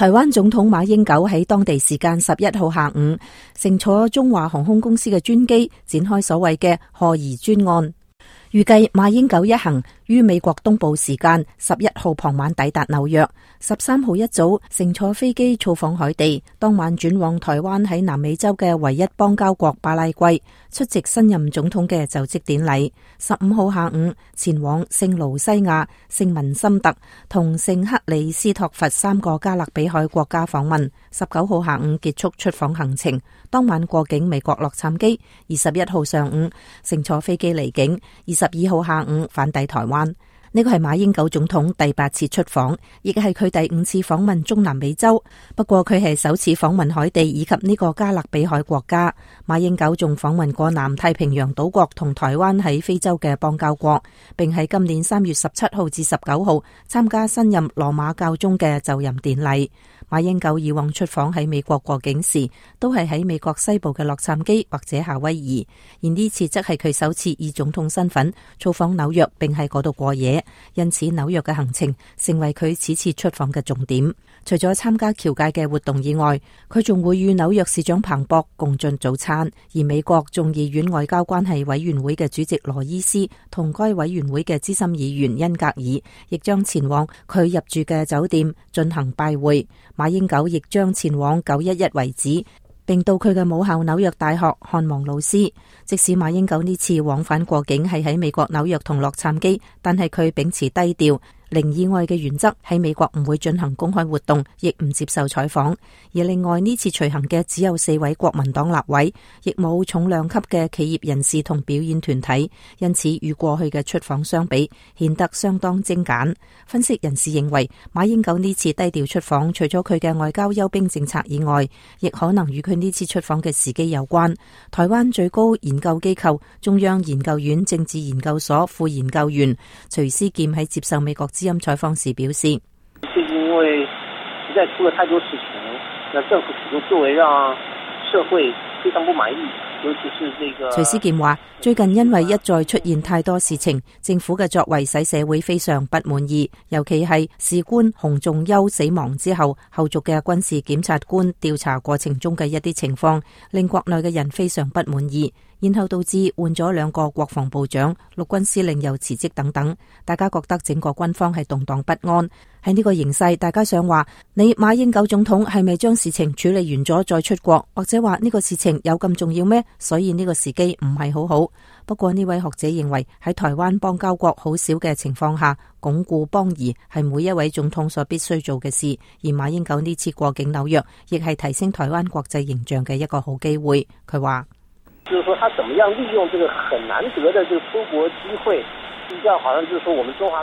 台灣總統馬英九喺當地時間十一號下午，乘坐中華航空公司嘅專機展開所謂嘅賀儀專案，預計馬英九一行。於美國東部時間十一號傍晚抵達紐約，十三號一早乘坐飛機造訪海地，當晚轉往台灣喺南美洲嘅唯一邦交國巴拉圭，出席新任總統嘅就職典禮。十五號下午前往聖盧西亞、聖文森特同聖克里斯托弗三個加勒比海國家訪問。十九號下午結束出訪行程，當晚過境美國洛杉磯。二十一號上午乘坐飛機離境，二十二號下午返抵台灣。呢個係馬英九總統第八次出訪，亦係佢第五次訪問中南美洲。不過佢係首次訪問海地以及呢個加勒比海國家。馬英九仲訪問過南太平洋島國同台灣喺非洲嘅邦交國，並喺今年三月十七號至十九號參加新任羅馬教宗嘅就任典禮。馬英九以往出訪喺美國過境時，都係喺美國西部嘅洛杉磯或者夏威夷，而呢次則係佢首次以總統身份造訪紐約，並喺嗰度過夜，因此紐約嘅行程成為佢此次出訪嘅重點。除咗參加僑界嘅活動以外，佢仲會與紐約市長彭博共進早餐，而美國眾議院外交關係委員會嘅主席羅伊斯同該委員會嘅資深議員恩格爾，亦將前往佢入住嘅酒店進行拜會。馬英九亦將前往九一一遺址，並到佢嘅母校紐約大學看望老師。即使馬英九呢次往返過境係喺美國紐約同洛杉磯，但係佢秉持低調，零意外嘅原則喺美國唔會進行公開活動，亦唔接受採訪。而另外呢次隨行嘅只有四位國民黨立委，亦冇重量級嘅企業人士同表演團體，因此與過去嘅出訪相比，顯得相當精簡。分析人士認為，馬英九呢次低調出訪，除咗佢嘅外交休兵政策以外，亦可能與佢呢次出訪嘅時機有關。台灣最高研究機構中央研究院政治研究所副研究員徐思劍喺接受美國。私音採訪時表示：最近因為實在出了太多事情，那政府舉動作為讓社會非常不滿意，尤其是這個。徐思健話：最近因為一再出現太多事情，政府嘅作為使社會非常不滿意，尤其係士官洪仲丘死亡之後後續嘅軍事檢察官調查過程中嘅一啲情況，令國內嘅人非常不滿意。然後導致換咗兩個國防部長、陸軍司令又辭職等等，大家覺得整個軍方係動蕩不安。喺呢個形勢，大家想話你馬英九總統係咪將事情處理完咗再出國，或者話呢個事情有咁重要咩？所以呢個時機唔係好好。不過呢位學者認為喺台灣邦交國好少嘅情況下，鞏固邦誼係每一位總統所必須做嘅事。而馬英九呢次過境紐約，亦係提升台灣國際形象嘅一個好機會。佢話：就是說，他怎麼樣利用這個很難得的這個出國機會？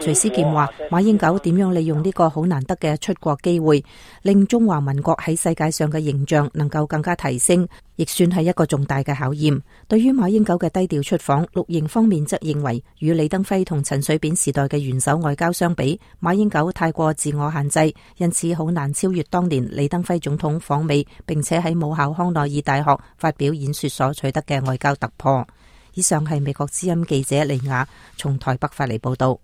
徐思健話：馬英九點樣利用呢個好難得嘅出國機會，令中華民國喺世界上嘅形象能夠更加提升，亦算係一個重大嘅考驗。對於馬英九嘅低調出訪，綠營方面則認為，與李登輝同陳水扁時代嘅元首外交相比，馬英九太過自我限制，因此好難超越當年李登輝總統訪美，並且喺母校康奈爾大學發表演說所取得嘅外交突破。以上係美國之音記者李亞從台北發嚟報道。